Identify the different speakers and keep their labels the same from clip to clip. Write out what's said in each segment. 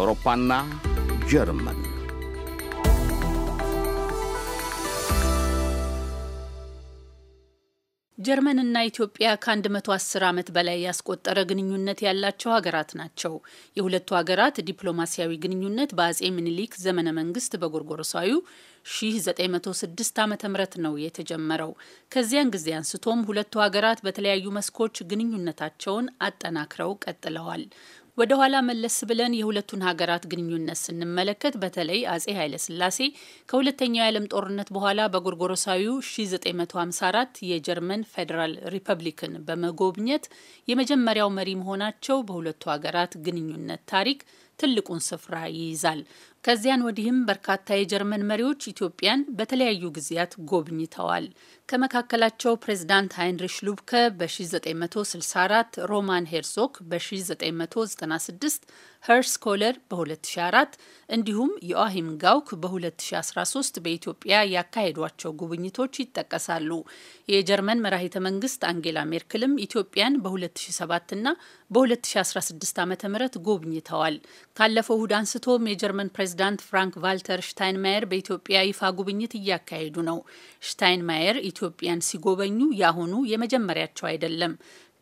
Speaker 1: አውሮፓና ጀርመን
Speaker 2: ጀርመንና ኢትዮጵያ ከ110 ዓመት በላይ ያስቆጠረ ግንኙነት ያላቸው ሀገራት ናቸው። የሁለቱ ሀገራት ዲፕሎማሲያዊ ግንኙነት በአጼ ምኒልክ ዘመነ መንግስት በጎርጎረሳዊ 1906 ዓ ም ነው የተጀመረው። ከዚያን ጊዜ አንስቶም ሁለቱ ሀገራት በተለያዩ መስኮች ግንኙነታቸውን አጠናክረው ቀጥለዋል። ወደ ኋላ መለስ ብለን የሁለቱን ሀገራት ግንኙነት ስንመለከት በተለይ አጼ ኃይለስላሴ ከሁለተኛው የዓለም ጦርነት በኋላ በጎርጎሮሳዊው 1954 የጀርመን ፌዴራል ሪፐብሊክን በመጎብኘት የመጀመሪያው መሪ መሆናቸው በሁለቱ ሀገራት ግንኙነት ታሪክ ትልቁን ስፍራ ይይዛል። ከዚያን ወዲህም በርካታ የጀርመን መሪዎች ኢትዮጵያን በተለያዩ ጊዜያት ጎብኝተዋል። ከመካከላቸው ፕሬዚዳንት ሃይንሪሽ ሉብከ በ1964፣ ሮማን ሄርሶክ በ1996፣ ሄርስ ኮለር በ2004 እንዲሁም ዮአሂም ጋውክ በ2013 በኢትዮጵያ ያካሄዷቸው ጉብኝቶች ይጠቀሳሉ። የጀርመን መራሂተ መንግስት አንጌላ ሜርክልም ኢትዮጵያን በ2007 እና በ2016 ዓ ም ጎብኝተዋል። ካለፈው እሁድ አንስቶም የጀርመን ፕሬዚዳንት ፍራንክ ቫልተር ሽታይንማየር በኢትዮጵያ ይፋ ጉብኝት እያካሄዱ ነው። ሽታይንማየር ኢትዮጵያን ሲጎበኙ ያሁኑ የመጀመሪያቸው አይደለም።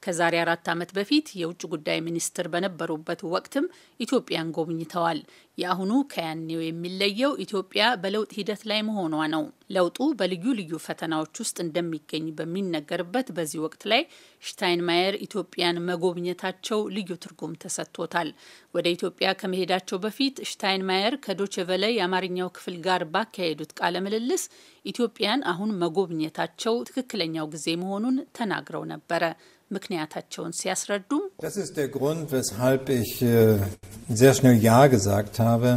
Speaker 2: ከዛሬ አራት ዓመት በፊት የውጭ ጉዳይ ሚኒስትር በነበሩበት ወቅትም ኢትዮጵያን ጎብኝተዋል። የአሁኑ ከያኔው የሚለየው ኢትዮጵያ በለውጥ ሂደት ላይ መሆኗ ነው። ለውጡ በልዩ ልዩ ፈተናዎች ውስጥ እንደሚገኝ በሚነገርበት በዚህ ወቅት ላይ ሽታይንማየር ኢትዮጵያን መጎብኘታቸው ልዩ ትርጉም ተሰጥቶታል። ወደ ኢትዮጵያ ከመሄዳቸው በፊት ሽታይንማየር ከዶችቨለ የአማርኛው ክፍል ጋር ባካሄዱት ቃለ ምልልስ ኢትዮጵያን አሁን መጎብኘታቸው ትክክለኛው ጊዜ መሆኑን ተናግረው ነበረ። ምክንያታቸውን ሲያስረዱም Das ist
Speaker 3: der Grund, weshalb ich äh, sehr schnell Ja gesagt habe,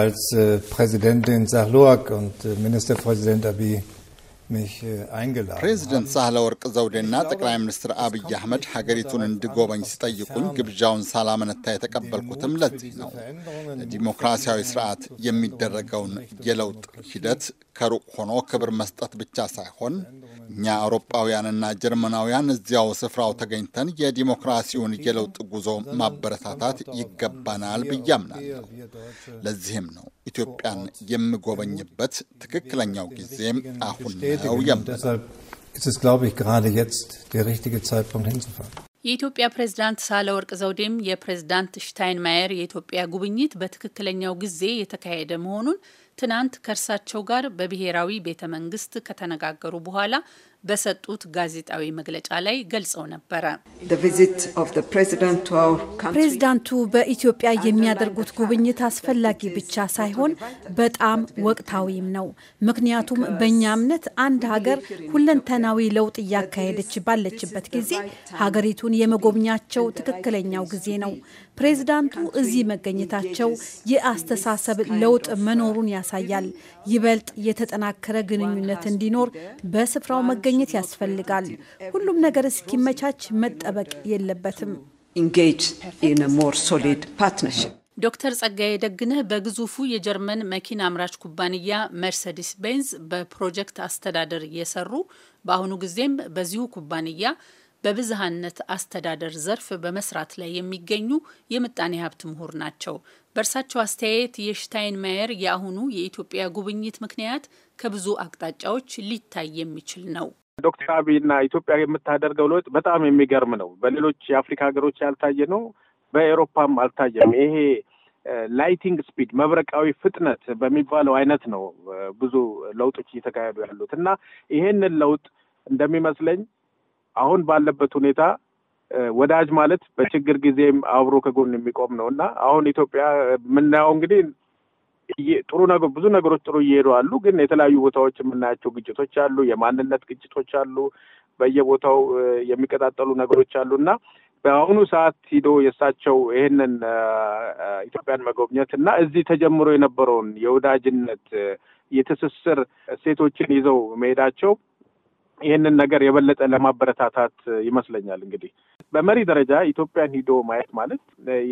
Speaker 3: als äh, Präsidentin Sachloak und äh, Ministerpräsident Abiy
Speaker 1: Äh, ፕሬዚደንት ሳህለወርቅ ዘውዴና ጠቅላይ ሚኒስትር አብይ አህመድ ሀገሪቱን እንድጎበኝ ሲጠይቁኝ ግብዣውን ሳላመነታ የተቀበልኩትም ለዚህ
Speaker 4: ነው። ለዲሞክራሲያዊ
Speaker 1: ስርዓት የሚደረገውን የለውጥ ሂደት ከሩቅ ሆኖ ክብር መስጠት ብቻ ሳይሆን እኛ አውሮፓውያንና ጀርመናውያን እዚያው ስፍራው ተገኝተን የዲሞክራሲውን የለውጥ ጉዞ ማበረታታት ይገባናል ብዬ አምናለሁ። ለዚህም ነው ኢትዮጵያን የምጎበኝበት ትክክለኛው ጊዜ አሁን ነው የምለው።
Speaker 2: የኢትዮጵያ ፕሬዝዳንት ሳህለወርቅ ዘውዴም የፕሬዝዳንት ሽታይንማየር የኢትዮጵያ ጉብኝት በትክክለኛው ጊዜ የተካሄደ መሆኑን ትናንት ከእርሳቸው ጋር በብሔራዊ ቤተ መንግስት ከተነጋገሩ በኋላ በሰጡት ጋዜጣዊ መግለጫ ላይ ገልጸው ነበረ።
Speaker 4: ፕሬዚዳንቱ በኢትዮጵያ የሚያደርጉት ጉብኝት አስፈላጊ ብቻ ሳይሆን በጣም ወቅታዊም ነው። ምክንያቱም በእኛ እምነት አንድ ሀገር ሁለንተናዊ ለውጥ እያካሄደች ባለችበት ጊዜ ሀገሪቱን የመጎብኛቸው ትክክለኛው ጊዜ ነው። ፕሬዚዳንቱ እዚህ መገኘታቸው የአስተሳሰብ ለውጥ መኖሩን ያሳያል። ይበልጥ የተጠናከረ ግንኙነት እንዲኖር በስፍራው መገኘ መገኘት ያስፈልጋል። ሁሉም ነገር እስኪመቻች መጠበቅ የለበትም።
Speaker 2: ዶክተር ጸጋዬ ደግነህ በግዙፉ የጀርመን መኪና አምራች ኩባንያ መርሰዲስ ቤንዝ በፕሮጀክት አስተዳደር የሰሩ በአሁኑ ጊዜም በዚሁ ኩባንያ በብዝሃነት አስተዳደር ዘርፍ በመስራት ላይ የሚገኙ የምጣኔ ሀብት ምሁር ናቸው። በእርሳቸው አስተያየት የሽታይንማየር የአሁኑ የኢትዮጵያ ጉብኝት ምክንያት ከብዙ አቅጣጫዎች ሊታይ የሚችል ነው።
Speaker 3: ዶክተር አብይና ኢትዮጵያ የምታደርገው ለውጥ በጣም የሚገርም ነው። በሌሎች የአፍሪካ ሀገሮች ያልታየ ነው። በኤሮፓም አልታየም። ይሄ ላይቲንግ ስፒድ መብረቃዊ ፍጥነት በሚባለው አይነት ነው ብዙ ለውጦች እየተካሄዱ ያሉት እና ይሄንን ለውጥ እንደሚመስለኝ አሁን ባለበት ሁኔታ ወዳጅ ማለት በችግር ጊዜም አብሮ ከጎን የሚቆም ነው እና አሁን ኢትዮጵያ የምናየው እንግዲህ ጥሩ ነገር ብዙ ነገሮች ጥሩ እየሄዱ አሉ። ግን የተለያዩ ቦታዎች የምናያቸው ግጭቶች አሉ፣ የማንነት ግጭቶች አሉ፣ በየቦታው የሚቀጣጠሉ ነገሮች አሉ እና በአሁኑ ሰዓት ሂዶ የእሳቸው ይህንን ኢትዮጵያን መጎብኘት እና እዚህ ተጀምሮ የነበረውን የወዳጅነት የትስስር እሴቶችን ይዘው መሄዳቸው ይህንን ነገር የበለጠ ለማበረታታት ይመስለኛል እንግዲህ በመሪ ደረጃ ኢትዮጵያን ሂዶ ማየት ማለት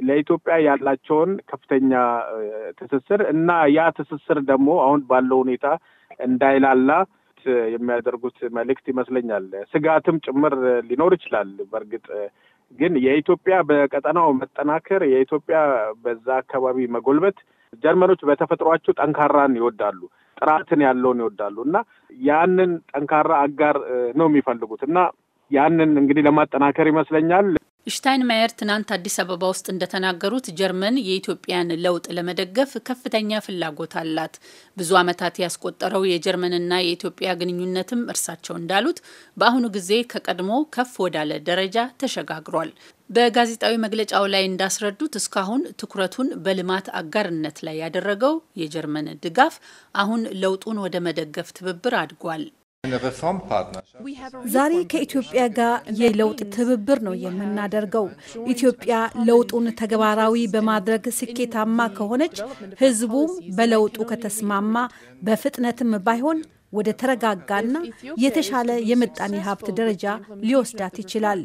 Speaker 3: ለኢትዮጵያ ያላቸውን ከፍተኛ ትስስር እና ያ ትስስር ደግሞ አሁን ባለው ሁኔታ እንዳይላላ የሚያደርጉት መልእክት ይመስለኛል። ስጋትም ጭምር ሊኖር ይችላል። በእርግጥ ግን የኢትዮጵያ በቀጠናው መጠናከር፣ የኢትዮጵያ በዛ አካባቢ መጎልበት ጀርመኖች በተፈጥሯቸው ጠንካራን ይወዳሉ፣ ጥራትን ያለውን ይወዳሉ እና ያንን ጠንካራ አጋር ነው የሚፈልጉት እና ያንን እንግዲህ ለማጠናከር ይመስለኛል።
Speaker 2: ሽታይንማየር ትናንት አዲስ አበባ ውስጥ እንደተናገሩት ጀርመን የኢትዮጵያን ለውጥ ለመደገፍ ከፍተኛ ፍላጎት አላት። ብዙ ዓመታት ያስቆጠረው የጀርመንና የኢትዮጵያ ግንኙነትም እርሳቸው እንዳሉት በአሁኑ ጊዜ ከቀድሞ ከፍ ወዳለ ደረጃ ተሸጋግሯል። በጋዜጣዊ መግለጫው ላይ እንዳስረዱት እስካሁን ትኩረቱን በልማት አጋርነት ላይ ያደረገው የጀርመን ድጋፍ አሁን ለውጡን ወደ መደገፍ ትብብር አድጓል።
Speaker 4: ዛሬ ከኢትዮጵያ ጋር የለውጥ ትብብር ነው የምናደርገው። ኢትዮጵያ ለውጡን ተግባራዊ በማድረግ ስኬታማ ከሆነች፣ ህዝቡም በለውጡ ከተስማማ፣ በፍጥነትም ባይሆን ወደ ተረጋጋና የተሻለ የምጣኔ ሀብት ደረጃ ሊወስዳት ይችላል።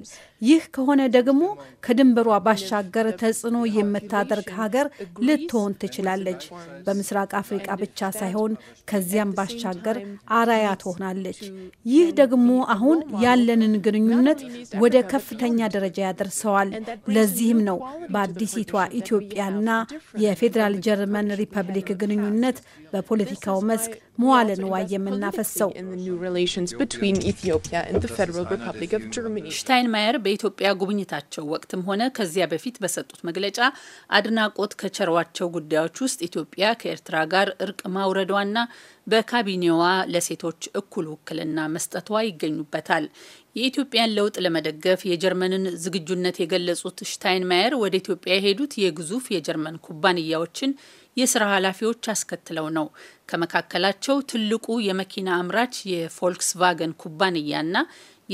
Speaker 4: ይህ ከሆነ ደግሞ ከድንበሯ ባሻገር ተጽዕኖ የምታደርግ ሀገር ልትሆን ትችላለች። በምስራቅ አፍሪቃ ብቻ ሳይሆን ከዚያም ባሻገር አራያ ትሆናለች። ይህ ደግሞ አሁን ያለንን ግንኙነት ወደ ከፍተኛ ደረጃ ያደርሰዋል። ለዚህም ነው በአዲሲቷ ኢትዮጵያና የፌዴራል ጀርመን ሪፐብሊክ ግንኙነት
Speaker 2: በፖለቲካው መስክ መዋለ ንዋይ የምናፈሰው። ሽታይንማየር በኢትዮጵያ ጉብኝታቸው ወቅትም ሆነ ከዚያ በፊት በሰጡት መግለጫ አድናቆት ከቸሯቸው ጉዳዮች ውስጥ ኢትዮጵያ ከኤርትራ ጋር እርቅ ማውረዷና በካቢኔዋ ለሴቶች እኩል ውክልና መስጠቷ ይገኙበታል። የኢትዮጵያን ለውጥ ለመደገፍ የጀርመንን ዝግጁነት የገለጹት ሽታይንማየር ወደ ኢትዮጵያ የሄዱት የግዙፍ የጀርመን ኩባንያዎችን የስራ ኃላፊዎች አስከትለው ነው። ከመካከላቸው ትልቁ የመኪና አምራች የፎልክስቫገን ኩባንያና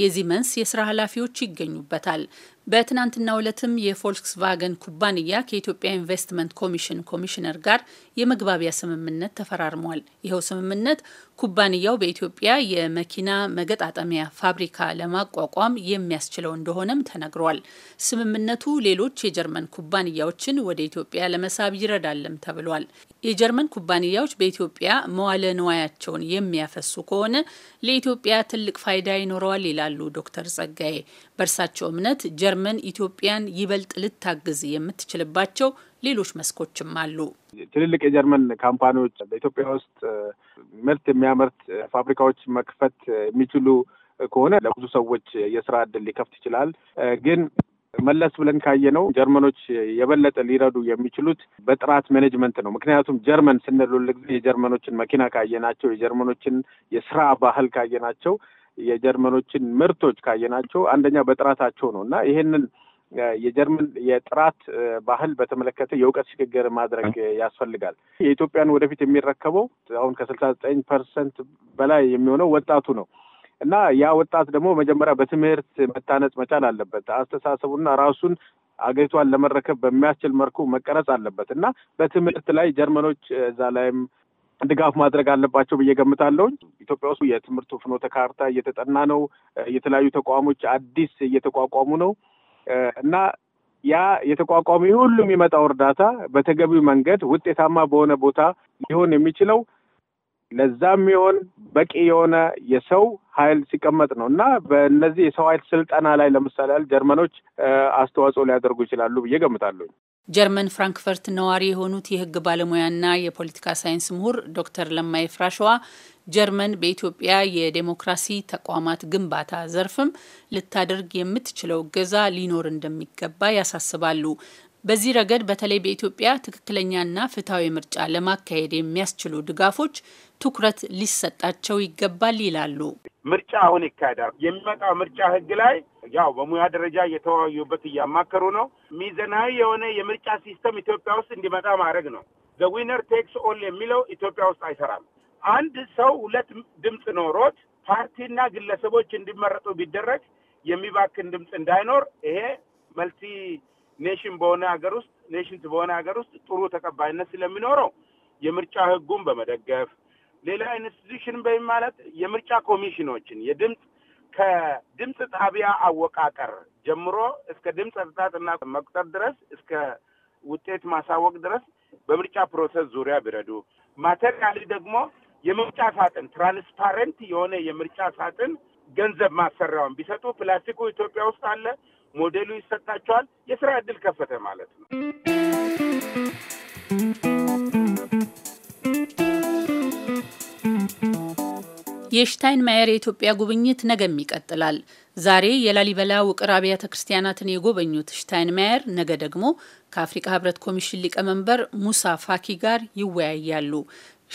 Speaker 2: የዚመንስ የስራ ኃላፊዎች ይገኙበታል። በትናንትናው ዕለትም የፎልክስቫገን ኩባንያ ከኢትዮጵያ ኢንቨስትመንት ኮሚሽን ኮሚሽነር ጋር የመግባቢያ ስምምነት ተፈራርሟል። ይኸው ስምምነት ኩባንያው በኢትዮጵያ የመኪና መገጣጠሚያ ፋብሪካ ለማቋቋም የሚያስችለው እንደሆነም ተነግሯል። ስምምነቱ ሌሎች የጀርመን ኩባንያዎችን ወደ ኢትዮጵያ ለመሳብ ይረዳልም ተብሏል። የጀርመን ኩባንያዎች በኢትዮጵያ መዋለ ንዋያቸውን የሚያፈሱ ከሆነ ለኢትዮጵያ ትልቅ ፋይዳ ይኖረዋል ይላሉ ዶክተር ጸጋዬ። በእርሳቸው እምነት ጀርመን ኢትዮጵያን ይበልጥ ልታግዝ የምትችልባቸው ሌሎች መስኮችም አሉ።
Speaker 3: ትልልቅ የጀርመን ካምፓኒዎች በኢትዮጵያ ውስጥ ምርት የሚያመርት ፋብሪካዎች መክፈት የሚችሉ ከሆነ ለብዙ ሰዎች የስራ እድል ሊከፍት ይችላል። ግን መለስ ብለን ካየነው ጀርመኖች የበለጠ ሊረዱ የሚችሉት በጥራት ማኔጅመንት ነው። ምክንያቱም ጀርመን ስንል ጊዜ የጀርመኖችን መኪና ካየናቸው፣ የጀርመኖችን የስራ ባህል ካየናቸው የጀርመኖችን ምርቶች ካየናቸው አንደኛ በጥራታቸው ነው እና ይሄንን የጀርመን የጥራት ባህል በተመለከተ የእውቀት ሽግግር ማድረግ ያስፈልጋል። የኢትዮጵያን ወደፊት የሚረከበው አሁን ከስልሳ ዘጠኝ ፐርሰንት በላይ የሚሆነው ወጣቱ ነው እና ያ ወጣት ደግሞ መጀመሪያ በትምህርት መታነጽ መቻል አለበት። አስተሳሰቡና ራሱን አገሪቷን ለመረከብ በሚያስችል መልኩ መቀረጽ አለበት እና በትምህርት ላይ ጀርመኖች እዛ ላይም ድጋፍ ማድረግ አለባቸው ብዬ ገምታለሁ ኢትዮጵያ ውስጥ የትምህርት ፍኖተ ካርታ እየተጠና ነው። የተለያዩ ተቋሞች አዲስ እየተቋቋሙ ነው እና ያ የተቋቋመ ሁሉ የሚመጣው እርዳታ በተገቢው መንገድ ውጤታማ በሆነ ቦታ ሊሆን የሚችለው ለዛም የሚሆን በቂ የሆነ የሰው ኃይል ሲቀመጥ ነው እና በእነዚህ የሰው ኃይል ስልጠና ላይ ለምሳሌ ያህል ጀርመኖች አስተዋጽኦ ሊያደርጉ ይችላሉ ብዬ ገምታለሁ።
Speaker 2: ጀርመን ፍራንክፈርት ነዋሪ የሆኑት የህግ ባለሙያና የፖለቲካ ሳይንስ ምሁር ዶክተር ለማይ ፍራሸዋ ጀርመን በኢትዮጵያ የዴሞክራሲ ተቋማት ግንባታ ዘርፍም ልታደርግ የምትችለው እገዛ ሊኖር እንደሚገባ ያሳስባሉ። በዚህ ረገድ በተለይ በኢትዮጵያ ትክክለኛና ፍትሐዊ ምርጫ ለማካሄድ የሚያስችሉ ድጋፎች ትኩረት ሊሰጣቸው ይገባል ይላሉ።
Speaker 1: ምርጫ አሁን ይካሄዳል። የሚመጣው ምርጫ ህግ ላይ ያው በሙያ ደረጃ እየተወያዩበት እያማከሩ ነው። ሚዘናዊ የሆነ የምርጫ ሲስተም ኢትዮጵያ ውስጥ እንዲመጣ ማድረግ ነው። ዘዊነር ቴክስ ኦል የሚለው ኢትዮጵያ ውስጥ አይሰራም። አንድ ሰው ሁለት ድምፅ ኖሮት ፓርቲና ግለሰቦች እንዲመረጡ ቢደረግ የሚባክን ድምፅ እንዳይኖር ይሄ መልቲ ኔሽን በሆነ ሀገር ውስጥ ኔሽንስ በሆነ ሀገር ውስጥ ጥሩ ተቀባይነት ስለሚኖረው የምርጫ ህጉን በመደገፍ ሌላ ኢንስቲቱሽን በይ ማለት የምርጫ ኮሚሽኖችን የድምፅ ከድምፅ ጣቢያ አወቃቀር ጀምሮ እስከ ድምፅ አሰጣጥና መቁጠር ድረስ እስከ ውጤት ማሳወቅ ድረስ በምርጫ ፕሮሰስ ዙሪያ ቢረዱ፣ ማቴሪያል ደግሞ የምርጫ ሳጥን ትራንስፓረንት የሆነ የምርጫ ሳጥን ገንዘብ ማሰሪያውን ቢሰጡ፣ ፕላስቲኩ ኢትዮጵያ ውስጥ አለ፣ ሞዴሉ ይሰጣቸዋል። የስራ እድል ከፈተ ማለት ነው።
Speaker 2: የሽታይን ማየር የኢትዮጵያ ጉብኝት ነገም ይቀጥላል። ዛሬ የላሊበላ ውቅር አብያተ ክርስቲያናትን የጎበኙት ማየር ነገ ደግሞ ከአፍሪካ ህብረት ኮሚሽን ሊቀመንበር ሙሳ ፋኪ ጋር ይወያያሉ።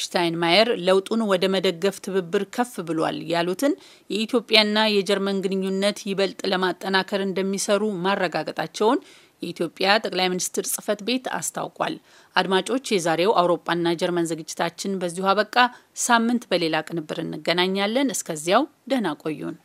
Speaker 2: ሽታይን ማየር ለውጡን ወደ መደገፍ ትብብር ከፍ ብሏል ያሉትን የኢትዮጵያና የጀርመን ግንኙነት ይበልጥ ለማጠናከር እንደሚሰሩ ማረጋገጣቸውን የኢትዮጵያ ጠቅላይ ሚኒስትር ጽህፈት ቤት አስታውቋል። አድማጮች፣ የዛሬው አውሮፓና ጀርመን ዝግጅታችን በዚሁ አበቃ። ሳምንት በሌላ ቅንብር እንገናኛለን። እስከዚያው ደህና ቆዩን።